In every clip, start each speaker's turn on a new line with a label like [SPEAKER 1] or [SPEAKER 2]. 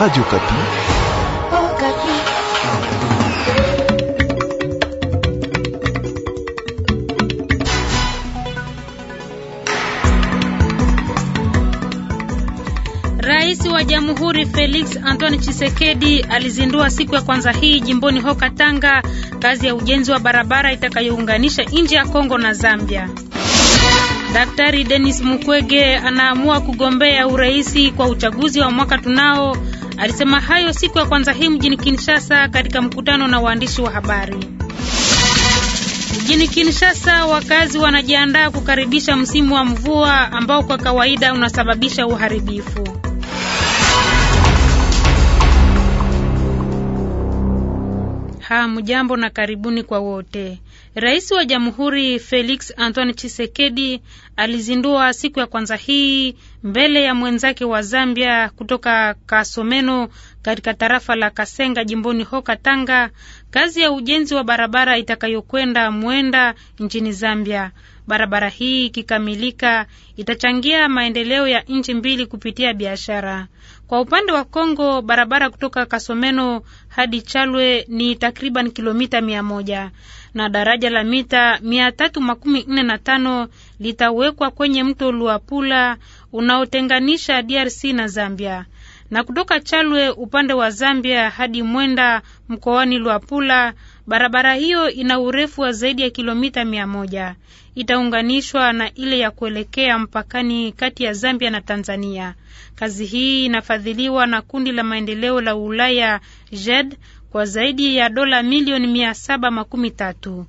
[SPEAKER 1] Radio Kapi. Oh,
[SPEAKER 2] Kapi.
[SPEAKER 3] Rais wa Jamhuri Felix Antoine Tshisekedi alizindua siku ya kwanza hii jimboni hoka tanga kazi ya ujenzi wa barabara itakayounganisha nchi ya Kongo na Zambia. Daktari Denis Mukwege anaamua kugombea uraisi kwa uchaguzi wa mwaka tunao Alisema hayo siku ya kwanza hii mjini Kinshasa katika mkutano na waandishi wa habari. Mjini Kinshasa wakazi wanajiandaa kukaribisha msimu wa mvua ambao kwa kawaida unasababisha uharibifu. Hamjambo na karibuni kwa wote. Rais wa Jamhuri Felix Antoine chisekedi alizindua siku ya kwanza hii mbele ya mwenzake wa Zambia kutoka Kasomeno katika tarafa la Kasenga jimboni Hoka Tanga kazi ya ujenzi wa barabara itakayokwenda Mwenda nchini Zambia. Barabara hii ikikamilika, itachangia maendeleo ya nchi mbili kupitia biashara. Kwa upande wa Kongo, barabara kutoka Kasomeno hadi Chalwe ni takriban kilomita mia moja na daraja la mita mia tatu makumi nne na tano litawekwa kwenye mto Luapula unaotenganisha DRC na Zambia na kutoka Chalwe upande wa Zambia hadi Mwenda mkoani Luapula. Barabara hiyo ina urefu wa zaidi ya kilomita mia moja itaunganishwa na ile ya kuelekea mpakani kati ya Zambia na Tanzania. Kazi hii inafadhiliwa na kundi la maendeleo la Ulaya JED kwa zaidi ya dola milioni mia saba makumi tatu.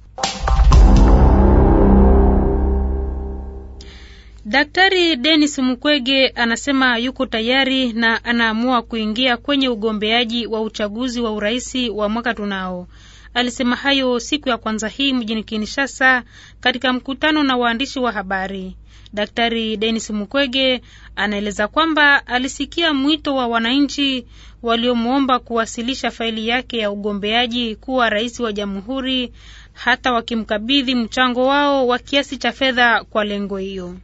[SPEAKER 3] Daktari Denis Mukwege anasema yuko tayari na anaamua kuingia kwenye ugombeaji wa uchaguzi wa uraisi wa mwaka tunao. Alisema hayo siku ya kwanza hii mjini Kinshasa katika mkutano na waandishi wa habari. Daktari Denis Mukwege anaeleza kwamba alisikia mwito wa wananchi waliomwomba kuwasilisha faili yake ya ugombeaji kuwa rais wa jamhuri, hata wakimkabidhi mchango wao wa kiasi cha fedha kwa lengo hiyo.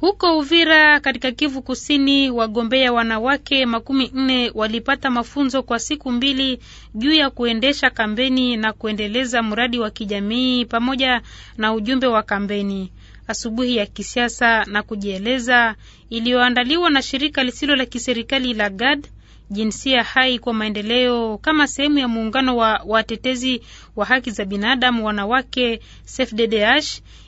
[SPEAKER 3] Huko Uvira katika Kivu Kusini, wagombea wanawake makumi nne walipata mafunzo kwa siku mbili juu ya kuendesha kampeni na kuendeleza mradi wa kijamii pamoja na ujumbe wa kampeni. Asubuhi ya kisiasa na kujieleza iliyoandaliwa na shirika lisilo la kiserikali la GAD jinsia hai kwa maendeleo kama sehemu ya muungano wa watetezi wa haki za binadamu wanawake CFDDH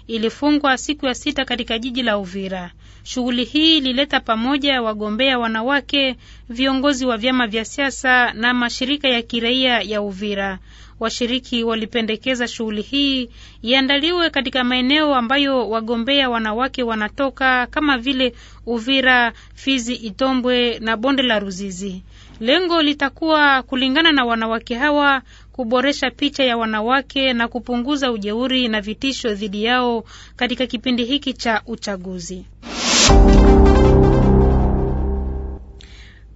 [SPEAKER 3] ilifungwa siku ya sita katika jiji la Uvira. Shughuli hii ilileta pamoja wagombea wanawake, viongozi wa vyama vya siasa na mashirika ya kiraia ya Uvira. Washiriki walipendekeza shughuli hii iandaliwe katika maeneo ambayo wagombea wanawake wanatoka kama vile Uvira, Fizi, Itombwe na bonde la Ruzizi. Lengo litakuwa kulingana na wanawake hawa kuboresha picha ya wanawake na kupunguza ujeuri na vitisho dhidi yao katika kipindi hiki cha uchaguzi.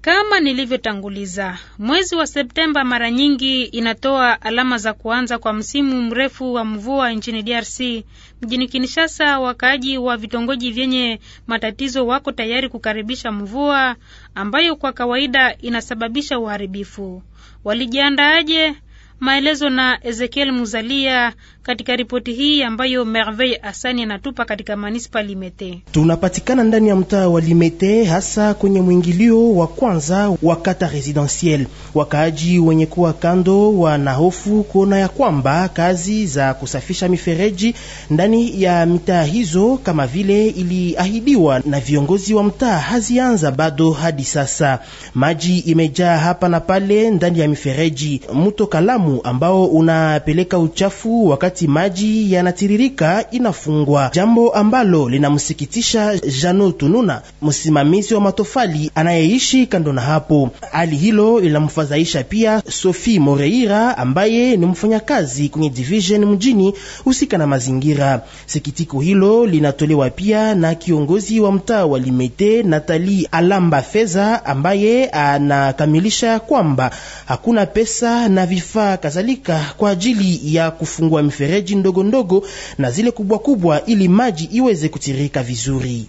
[SPEAKER 3] Kama nilivyotanguliza, mwezi wa Septemba mara nyingi inatoa alama za kuanza kwa msimu mrefu wa mvua nchini DRC. Mjini Kinshasa, wakaaji wa vitongoji vyenye matatizo wako tayari kukaribisha mvua ambayo kwa kawaida inasababisha uharibifu. Walijiandaaje? Maelezo na Ezekiel Muzalia katika ripoti hii ambayo Merveille Asani anatupa katika manispa Limete.
[SPEAKER 4] Tunapatikana ndani ya mtaa wa Limete, hasa kwenye mwingilio wa kwanza wa kata residentiel. Wakaaji wenye kuwa kando hofu kuona ya kwamba kazi za kusafisha mifereji ndani ya mitaa hizo kama vile iliahidiwa na viongozi wa mtaa hazianza bado hadi sasa. Maji imejaa hapa na pale ndani ya mifereji. Mto Kalamu mfumo ambao unapeleka uchafu wakati maji yanatiririka inafungwa, jambo ambalo linamsikitisha Jano Tununa, msimamizi wa matofali anayeishi kando na hapo. Hali hilo linamfadhaisha pia Sophie Moreira ambaye ni mfanyakazi kwenye division mjini husika na mazingira. Sikitiko hilo linatolewa pia na kiongozi wa mtaa wa Limete Natali Alamba Feza ambaye anakamilisha kwamba hakuna pesa na vifaa kadhalika kwa ajili ya kufungua mifereji ndogo ndogo na zile kubwa kubwa, ili maji iweze kutirika vizuri.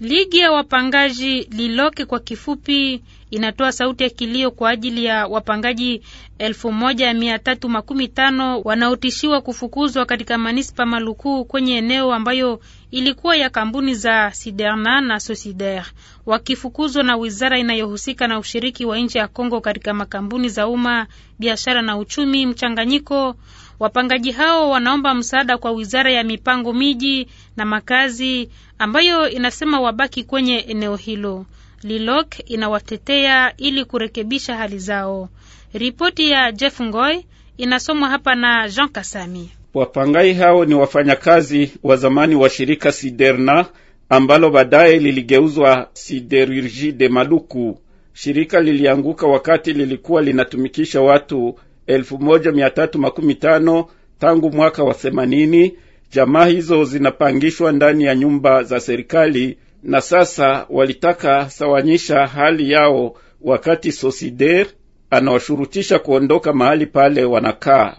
[SPEAKER 3] Ligi ya wapangaji Liloke kwa kifupi inatoa sauti ya kilio kwa ajili ya wapangaji elfu moja mia tatu makumi tano wanaotishiwa kufukuzwa katika manispa Maluku kwenye eneo ambayo ilikuwa ya kampuni za Siderna na Sosider, wakifukuzwa na wizara inayohusika na ushiriki wa nchi ya Kongo katika makampuni za umma, biashara na uchumi mchanganyiko. Wapangaji hao wanaomba msaada kwa wizara ya mipango miji na makazi ambayo inasema wabaki kwenye eneo hilo. Lilok inawatetea ili kurekebisha hali zao. Ripoti ya Jeff Ngoy inasomwa hapa na Jean Kasami.
[SPEAKER 5] Wapangai hao ni wafanyakazi wa zamani wa shirika Siderna ambalo baadaye liligeuzwa Siderurgie de Maluku. Shirika lilianguka wakati lilikuwa linatumikisha watu 1315 tangu mwaka wa themanini Jamaa hizo zinapangishwa ndani ya nyumba za serikali, na sasa walitaka sawanyisha hali yao, wakati Sosider anawashurutisha kuondoka mahali pale wanakaa.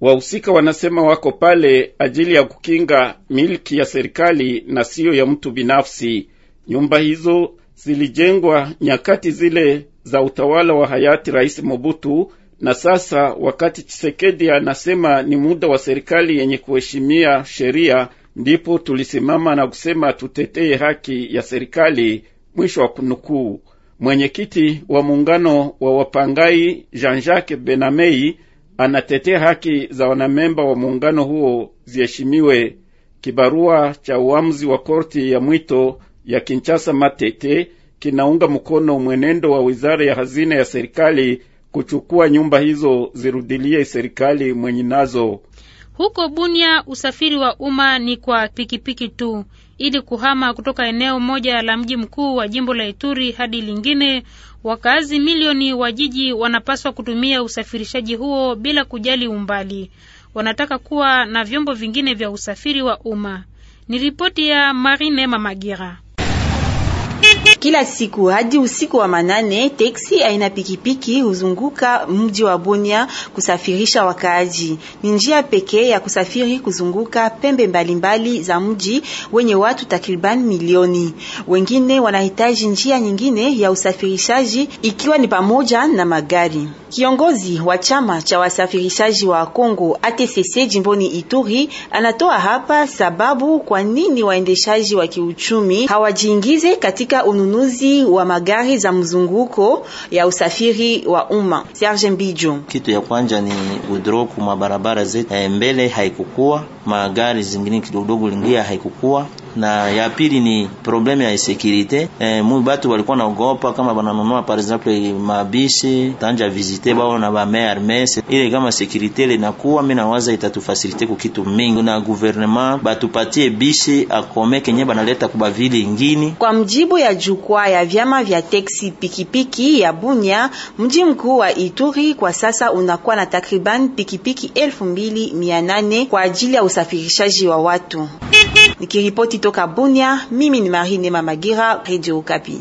[SPEAKER 5] Wahusika wanasema wako pale ajili ya kukinga miliki ya serikali na siyo ya mtu binafsi. Nyumba hizo zilijengwa nyakati zile za utawala wa hayati Rais Mobutu na sasa wakati Chisekedi anasema ni muda wa serikali yenye kuheshimia sheria, ndipo tulisimama na kusema tuteteye haki ya serikali. Mwisho wa kunukuu. Mwenyekiti wa muungano wa wapangai Jean-Jacques Benamei anatetea haki za wanamemba wa muungano huo ziheshimiwe. Kibarua cha uamuzi wa korti ya mwito ya Kinshasa Matete kinaunga mkono mwenendo wa wizara ya hazina ya serikali kuchukua nyumba hizo zirudilie serikali mwenye nazo.
[SPEAKER 3] Huko Bunia usafiri wa umma ni kwa pikipiki tu. Ili kuhama kutoka eneo moja la mji mkuu wa jimbo la Ituri hadi lingine, wakazi milioni wa jiji wanapaswa kutumia usafirishaji huo bila kujali umbali. Wanataka kuwa na vyombo vingine vya usafiri wa umma. Ni ripoti ya Marine Mamagira.
[SPEAKER 6] Kila siku hadi usiku wa manane, teksi aina pikipiki huzunguka mji wa Bunia kusafirisha wakaaji. Ni njia pekee ya kusafiri kuzunguka pembe mbalimbali mbali za mji wenye watu takriban milioni. Wengine wanahitaji njia nyingine ya usafirishaji ikiwa ni pamoja na magari. Kiongozi wa chama cha wasafirishaji wa Kongo ATCC jimboni Ituri anatoa hapa sababu kwa nini waendeshaji wa kiuchumi hawajiingize katika ununuzi ununuzi wa magari za mzunguko ya usafiri wa umma. Serge Mbijo:
[SPEAKER 2] kitu ya kwanza ni udropu kwa barabara zetu, eh, mbele haikukua magari zingine kidogodogo lingia haikukua na ya pili ni probleme ya insekurite e, eh, mu batu walikuwa ogopa kama bananunua par exemple mabishi tanja visite bao na ba maire messe ile kama sekurite linakuwa mimi nawaza itatufasilite ku kitu mingi na gouvernement batupatie bishi akome kenye banaleta kuba vile ingini.
[SPEAKER 6] Kwa mjibu ya jukwaa ya vyama vya teksi pikipiki ya Bunya, mji mkuu wa Ituri kwa sasa unakuwa na takriban pikipiki elfu mbili mia nane kwa ajili ya usafirishaji wa watu. Nikiripoti kutoka Bunia, mimi ni Marine Mamagira, Radio Okapi.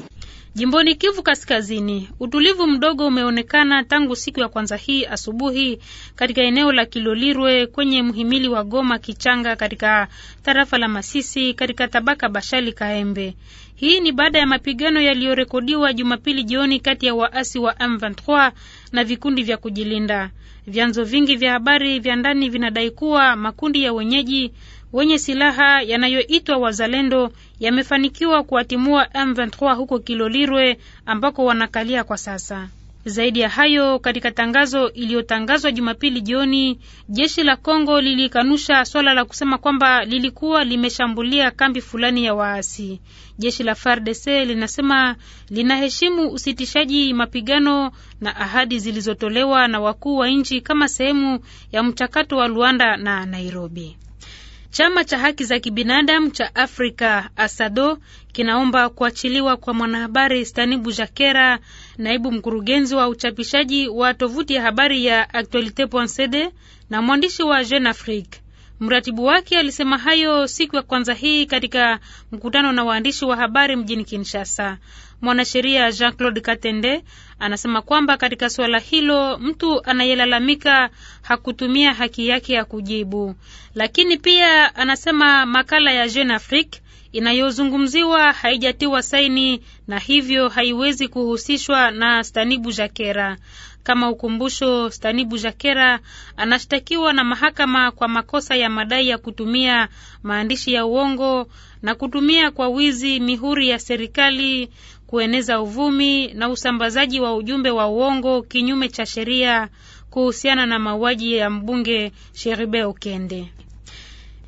[SPEAKER 3] Jimboni Kivu Kaskazini, utulivu mdogo umeonekana tangu siku ya kwanza hii asubuhi katika eneo la Kilolirwe kwenye mhimili wa Goma Kichanga katika tarafa la Masisi katika tabaka Bashali Kaembe. Hii ni baada ya mapigano yaliyorekodiwa Jumapili jioni kati ya waasi wa M23 na vikundi vya kujilinda. Vyanzo vingi vya habari vya ndani vinadai kuwa makundi ya wenyeji wenye silaha yanayoitwa Wazalendo yamefanikiwa kuwatimua M23 huko Kilolirwe ambako wanakalia kwa sasa. Zaidi ya hayo, katika tangazo iliyotangazwa Jumapili jioni, jeshi la Kongo lilikanusha swala la kusema kwamba lilikuwa limeshambulia kambi fulani ya waasi. Jeshi la FARDC linasema linaheshimu usitishaji mapigano na ahadi zilizotolewa na wakuu wa nchi kama sehemu ya mchakato wa Luanda na Nairobi. Chama cha haki za kibinadamu cha Afrika ASADO kinaomba kuachiliwa kwa mwanahabari Stanibu Jakera, naibu mkurugenzi wa uchapishaji wa tovuti ya habari ya Actualite.cd na mwandishi wa Jeune Afrique. Mratibu wake alisema hayo siku ya kwanza hii katika mkutano na waandishi wa habari mjini Kinshasa. Mwanasheria Jean Claude Katende Anasema kwamba katika suala hilo mtu anayelalamika hakutumia haki yake ya kujibu. Lakini pia anasema makala ya Jeune Afrique inayozungumziwa haijatiwa saini na hivyo haiwezi kuhusishwa na Stanibu Jakera. Kama ukumbusho, Stanibu Jakera anashtakiwa na mahakama kwa makosa ya madai ya kutumia maandishi ya uongo na kutumia kwa wizi mihuri ya serikali, kueneza uvumi na usambazaji wa ujumbe wa uongo kinyume cha sheria kuhusiana na mauaji ya mbunge Sheribe Okende.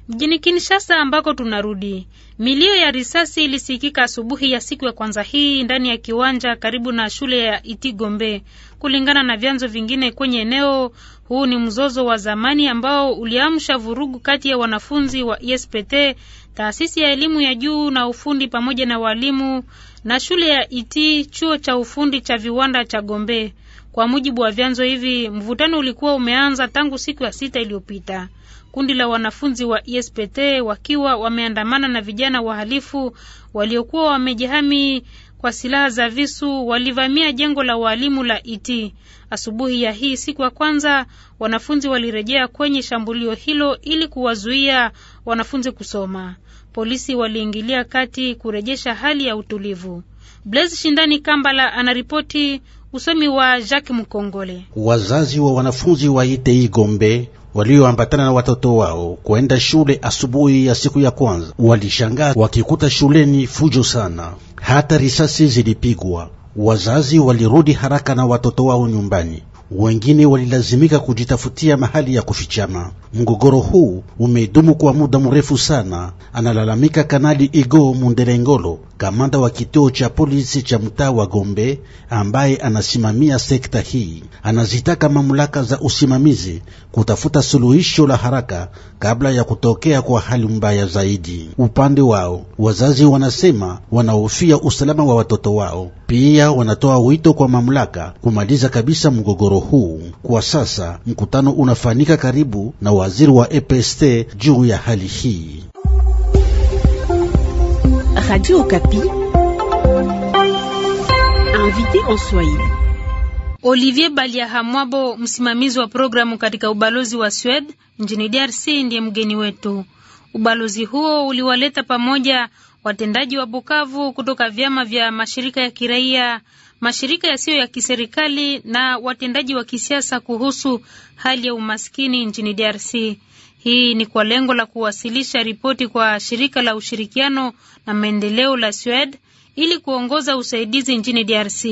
[SPEAKER 3] Mjini Kinshasa ambako tunarudi, milio ya risasi ilisikika asubuhi ya siku ya kwanza hii ndani ya kiwanja karibu na shule ya Iti Gombe. Kulingana na vyanzo vingine kwenye eneo, huu ni mzozo wa zamani ambao uliamsha vurugu kati ya wanafunzi wa espt taasisi ya elimu ya juu na ufundi pamoja na walimu na shule ya Iti, chuo cha ufundi cha viwanda cha Gombe. Kwa mujibu wa vyanzo hivi, mvutano ulikuwa umeanza tangu siku ya sita iliyopita. Kundi la wanafunzi wa espt wakiwa wameandamana na vijana wahalifu waliokuwa wamejihami kwa silaha za visu walivamia jengo la walimu la Iti. E Asubuhi ya hii siku ya kwanza, wanafunzi walirejea kwenye shambulio hilo ili kuwazuia wanafunzi kusoma. Polisi waliingilia kati kurejesha hali ya utulivu. Blaise Shindani Kambala anaripoti. Usomi wa Jacques Mkongole.
[SPEAKER 1] Wazazi wa wanafunzi wa e ITI Gombe walioambatana na watoto wao kwenda shule asubuhi ya siku ya kwanza walishangaa wakikuta shuleni fujo sana, hata risasi zilipigwa. Wazazi walirudi haraka na watoto wao nyumbani wengine walilazimika kujitafutia mahali ya kufichama. Mgogoro huu umedumu kwa muda mrefu sana, analalamika Kanali Igo Mundelengolo, kamanda wa kituo cha polisi cha mtaa wa Gombe ambaye anasimamia sekta hii. Anazitaka mamlaka za usimamizi kutafuta suluhisho la haraka kabla ya kutokea kwa hali mbaya zaidi. Upande wao, wazazi wanasema wanahofia usalama wa watoto wao, pia wanatoa wito kwa mamlaka kumaliza kabisa mgogoro mgogoro huu. Kwa sasa mkutano unafanyika karibu na waziri wa EPST juu ya hali hii.
[SPEAKER 6] Radio Okapi,
[SPEAKER 3] invité en Swahili. Olivier Baliahamwabo, msimamizi wa programu katika ubalozi wa Swed nchini DRC, ndiye mgeni wetu. Ubalozi huo uliwaleta pamoja watendaji wa Bukavu kutoka vyama vya mashirika ya kiraia, mashirika yasiyo ya kiserikali na watendaji wa kisiasa kuhusu hali ya umaskini nchini DRC. Hii ni kwa lengo la kuwasilisha ripoti kwa shirika la ushirikiano na maendeleo la Swed ili kuongoza usaidizi nchini DRC.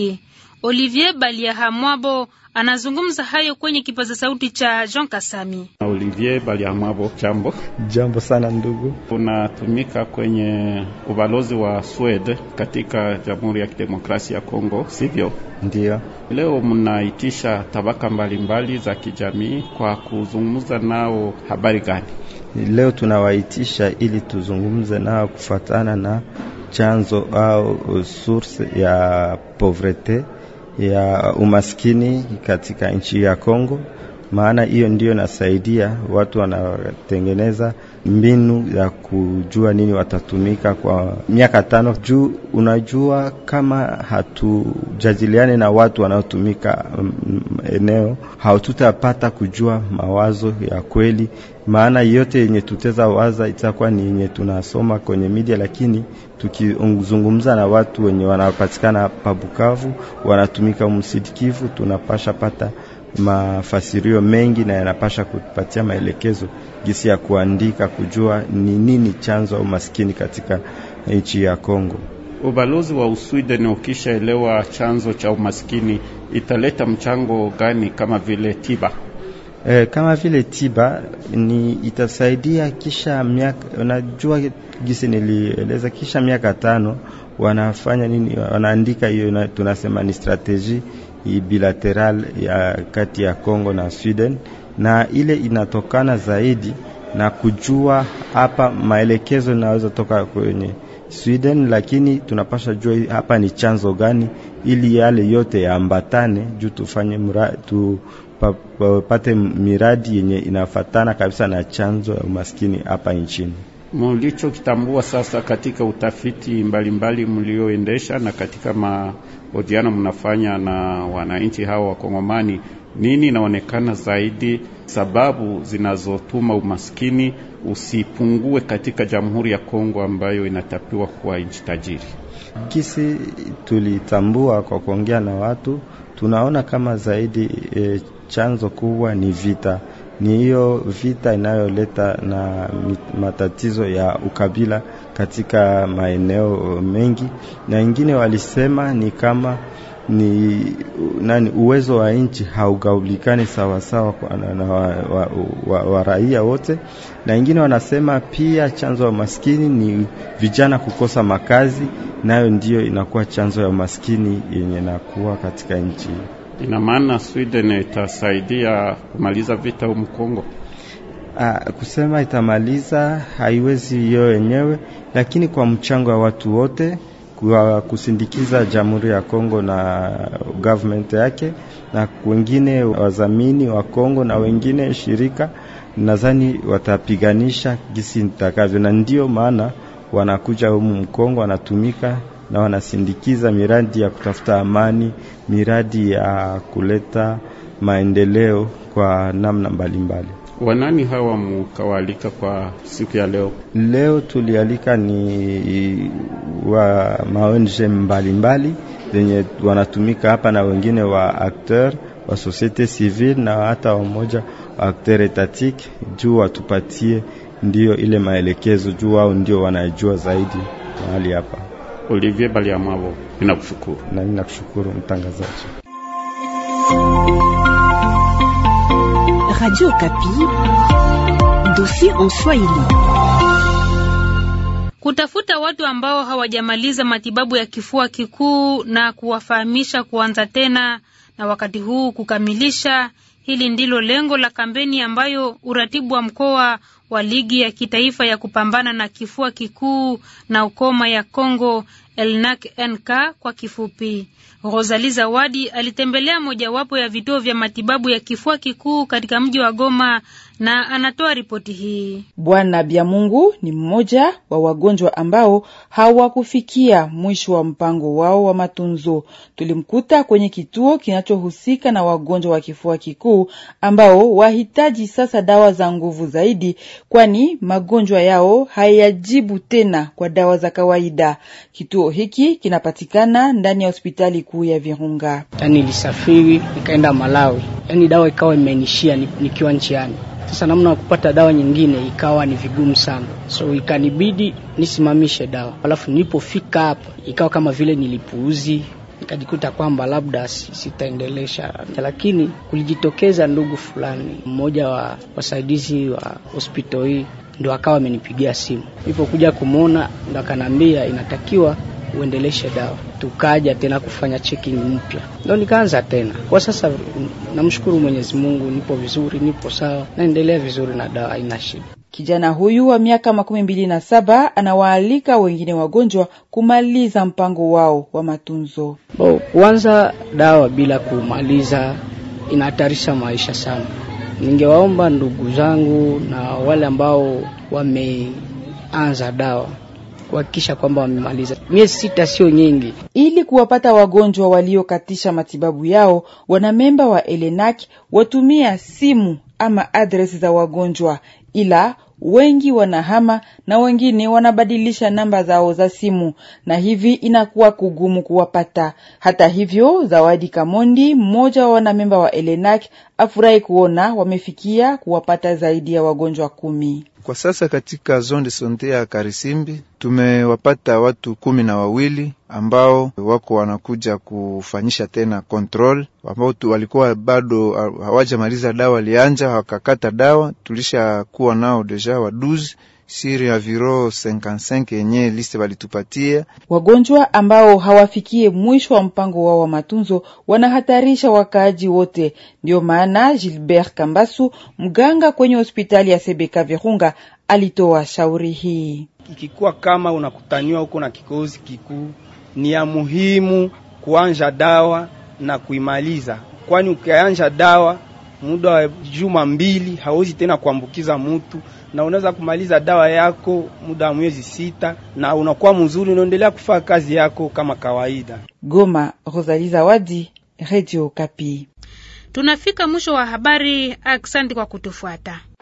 [SPEAKER 3] Olivier Baliahamwabo anazungumza hayo kwenye kipaza sauti cha Jean Kasami.
[SPEAKER 5] Olivier baliahamwabo jambo.
[SPEAKER 2] Jambo sana ndugu.
[SPEAKER 5] Unatumika kwenye ubalozi wa Swede katika Jamhuri ya Kidemokrasia ya Kongo, sivyo? Ndiyo. Leo mnaitisha tabaka mbalimbali za kijamii kwa kuzungumza nao, habari gani?
[SPEAKER 2] Leo tunawaitisha ili tuzungumze nao kufatana na chanzo au source ya povrete ya umaskini katika nchi ya Kongo, maana hiyo ndio nasaidia watu wanatengeneza mbinu ya kujua nini watatumika kwa miaka tano, juu unajua kama hatujadiliane na watu wanaotumika mm, eneo hatutapata kujua mawazo ya kweli, maana yote yenye tuteza waza itakuwa ni yenye tunasoma kwenye media, lakini tukizungumza na watu wenye wanapatikana pa Bukavu wanatumika msidikivu tunapasha pata mafasirio mengi na yanapasha kupatia maelekezo gisi ya kuandika, kujua ni nini chanzo au maskini katika nchi ya Kongo.
[SPEAKER 5] Ubalozi wa Uswideni ukishaelewa chanzo cha umaskini italeta mchango gani? Kama vile tiba
[SPEAKER 2] e, kama vile tiba ni itasaidia. Kisha miaka unajua gisi nilieleza, kisha miaka tano wanafanya nini? Wanaandika hiyo tunasema ni strateji bilateral ya kati ya Kongo na Sweden, na ile inatokana zaidi na kujua hapa maelekezo inaweza toka kwenye Sweden, lakini tunapasha jua hapa ni chanzo gani, ili yale yote yaambatane juu tufanye tu pate miradi yenye inafatana kabisa na chanzo ya umaskini hapa nchini.
[SPEAKER 5] Mulichokitambua sasa katika utafiti mbalimbali mlioendesha na katika mahojiano mnafanya na wananchi hawa Wakongomani, nini inaonekana zaidi sababu zinazotuma umaskini usipungue katika Jamhuri ya Kongo ambayo
[SPEAKER 2] inatapiwa kuwa nchi tajiri? Kisi tulitambua kwa kuongea na watu, tunaona kama zaidi e, chanzo kubwa ni vita ni hiyo vita inayoleta na matatizo ya ukabila katika maeneo uh, mengi, na wengine walisema ni kama ni uh, nani, uwezo wa nchi haugaulikani sawasawa na wa, wa, wa, wa raia wote, na wengine wanasema pia chanzo ya umaskini ni vijana kukosa makazi, nayo ndiyo inakuwa chanzo ya umaskini yenye nakuwa katika nchi.
[SPEAKER 5] Ina maana Sweden itasaidia kumaliza vita humu Kongo?
[SPEAKER 2] Ah, kusema itamaliza haiwezi hiyo yenyewe, lakini kwa mchango wa watu wote kwa kusindikiza Jamhuri ya Kongo na government yake na wengine wazamini wa Kongo na wengine shirika, nadhani watapiganisha gisi nitakavyo, na ndio maana wanakuja humu Mkongo wanatumika na wanasindikiza miradi ya kutafuta amani, miradi ya kuleta maendeleo kwa namna mbalimbali mbali.
[SPEAKER 5] Wanani hawa mukawaalika kwa siku ya leo?
[SPEAKER 2] Leo tulialika ni wa maonj mbalimbali zenye wanatumika hapa na wengine wa akteur wa societe civile na hata wamoja wa akteur etatike, juu watupatie ndio ile maelekezo, juu wao ndio wanajua zaidi mahali hapa. Olivier Baliamwabo, ninakushukuru. Na mimi nakushukuru mtangazaji.
[SPEAKER 6] Radio Kapi, dossier en Swahili.
[SPEAKER 3] Kutafuta watu ambao hawajamaliza matibabu ya kifua kikuu na kuwafahamisha kuanza tena na wakati huu kukamilisha Hili ndilo lengo la kampeni ambayo uratibu wa mkoa wa ligi ya kitaifa ya kupambana na kifua kikuu na ukoma ya Kongo Elnak NK kwa kifupi. Rosalie Zawadi alitembelea mojawapo ya vituo vya matibabu ya kifua kikuu katika mji wa Goma na anatoa ripoti hii.
[SPEAKER 7] Bwana mungu ni mmoja wa wagonjwa ambao hawakufikia mwisho wa mpango wao wa matunzo. Tulimkuta kwenye kituo kinachohusika na wagonjwa wa kifua kikuu ambao wahitaji sasa dawa za nguvu zaidi, kwani magonjwa yao hayajibu tena kwa dawa za kawaida. Kituo hiki kinapatikana ndani ya hospitali kuu ya Virunga. Yaani ilisafiri nikaenda Malawi, yani dawa ikawa imenishia nikiwa nchiani sasa namna ya kupata dawa nyingine ikawa ni vigumu sana, so ikanibidi nisimamishe dawa. Alafu nilipofika hapa ikawa kama vile nilipuuzi, nikajikuta kwamba labda sitaendelesha, lakini kulijitokeza ndugu fulani mmoja wa wasaidizi wa hospitali hii ndo akawa amenipigia simu. Nilipokuja kumwona ndo akanaambia inatakiwa uendeleshe dawa. Tukaja tena kufanya checking mpya, ndio nikaanza tena. Kwa sasa namshukuru Mwenyezi Mungu, nipo vizuri, nipo sawa, naendelea vizuri na dawa, haina shida. Kijana huyu wa miaka makumi mbili na saba anawaalika wengine wagonjwa kumaliza mpango wao wa matunzo. Bo, kwanza dawa bila kumaliza inahatarisha maisha sana. Ningewaomba ndugu zangu na wale ambao wameanza dawa kuhakikisha kwamba wamemaliza. Miezi sita sio nyingi. Ili kuwapata wagonjwa waliokatisha matibabu yao, wanamemba wa Elenak watumia simu ama adresi za wagonjwa, ila wengi wanahama na wengine wanabadilisha namba zao za simu na hivi inakuwa kugumu kuwapata. Hata hivyo, Zawadi Kamondi, mmoja wa wanamemba wa Elenak, afurahi kuona wamefikia kuwapata
[SPEAKER 5] zaidi ya wagonjwa
[SPEAKER 7] kumi.
[SPEAKER 2] Kwa sasa katika zone de sante ya Karisimbi tumewapata
[SPEAKER 5] watu kumi na wawili ambao wako wanakuja kufanyisha tena control, ambao walikuwa bado hawajamaliza dawa, walianja wakakata dawa, tulishakuwa nao deja waduzi shiri ya viro 55 yenye liste
[SPEAKER 7] walitupatia. Wagonjwa ambao hawafikie mwisho wa mpango wao wa matunzo wanahatarisha wakaaji wote. Ndio maana Gilbert Kambasu, mganga kwenye hospitali ya Sebeka Virunga, alitoa shauri hii.
[SPEAKER 4] Ikikuwa kama unakutaniwa huko na kikozi kikuu, ni ya muhimu kuanja dawa na kuimaliza, kwani ukianja dawa muda wa juma mbili hawezi tena kuambukiza mutu na unaweza kumaliza dawa yako muda wa mwezi sita na unakuwa mzuri, unaendelea kufanya kazi yako kama kawaida.
[SPEAKER 7] Goma, Rosalie Zawadi, Radio Kapi.
[SPEAKER 3] Tunafika mwisho wa habari. Asante kwa kutufuata.